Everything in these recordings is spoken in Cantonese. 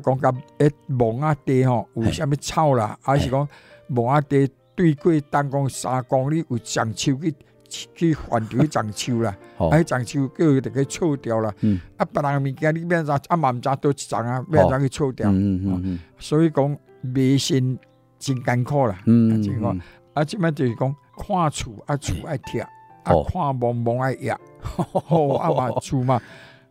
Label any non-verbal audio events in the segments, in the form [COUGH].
.講甲一望仔地吼有啲咩草啦，嘿 還是講望仔地對過當講三公里有長樹去去翻條去長樹啦，啊 [LAUGHS] 好 長樹叫伊哋去除掉啦，啊別人物件你免使，啊萬扎都長啊，唔使去除掉。所以講迷信真艱苦啦，嗯嗯啊，啊，即係講啊，即擺就是講看厝啊，厝愛拆啊，看芒芒愛壓，啊嘛厝嘛。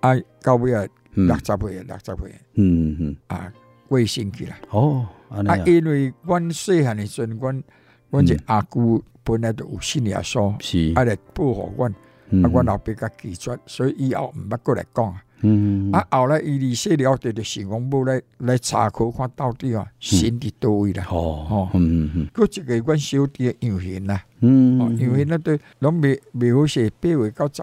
啊，到尾啊，六十歲，六十歲，嗯嗯，啊，過身去啦，哦，啊，因為阮細漢嘅時陣，阮阮只阿舅本來都有信耶穌，係，阿嚟補給阮，啊，阮老爸甲拒絕，所以以後毋捌擱來講啊，嗯，啊後來伊離世了解嘅時候，冇嚟嚟查看，看到底啊，神佇多位啦，哦哦，嗯嗯，擱一個阮小弟嘅表現啦，嗯，因為嗰對，攏未未好勢八月高十。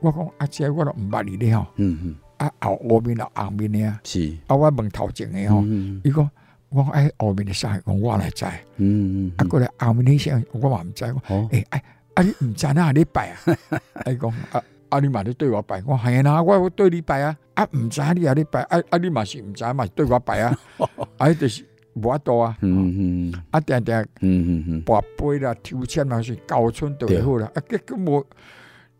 我講阿、啊、姐，我都毋捌你嗬。嗯嗯。阿後面係後面嘅啊。是。阿我問頭前嘅嗬，伊講我講喺後面嘅山，我來唔知。嗯嗯。阿過來後面呢山，我嘛毋知。我誒誒，阿你唔知啊？你拜啊？伊講阿阿你嘛你對我拜，我係啊，我對你拜啊。啊毋知你又你拜，阿、啊、阿你嘛是毋知嘛對我拜啊。阿啲是無法度啊。嗯、啊、嗯。阿掂掂。嗯嗯嗯。跋杯、啊、啦，抽籤萬歲，高春都好啦。好對啊，結根本。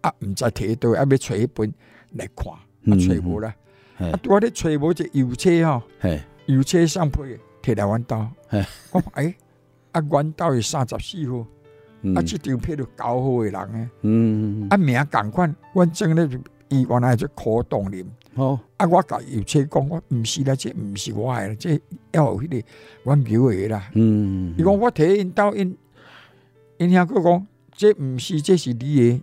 啊毋知摕到，啊，要揣一本來看，啊，揣無啦，拄仔咧揣無就油車哦，油車上配，摕來阮兜，我誒，啊，阮兜誒三十四號，啊，即張批着九號誒人咧，啊，名共款，阮正咧就，伊原來係只可動人，好，啊，我甲油車講，我毋是呢，即毋是我誒，即又迄個阮橋誒啦，嗯，伊講我摕去因兜，因下擱講，即毋是，即是你誒。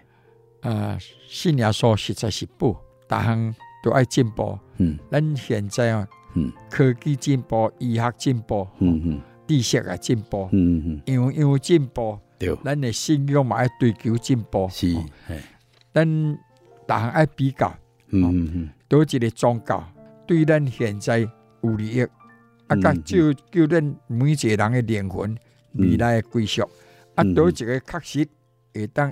啊！信耶穌實在是不，逐項都愛進步。嗯，咱現在啊，科技進步，醫學進步，知識啊進步，樣樣進步。對，咱嘅信仰嘛要追求進步。是，唉，咱逐項愛比較，嗯嗯，多一個宗教對咱現在有利益，啊，教教咱每一個人嘅靈魂未來嘅歸宿啊，多一個確實會當。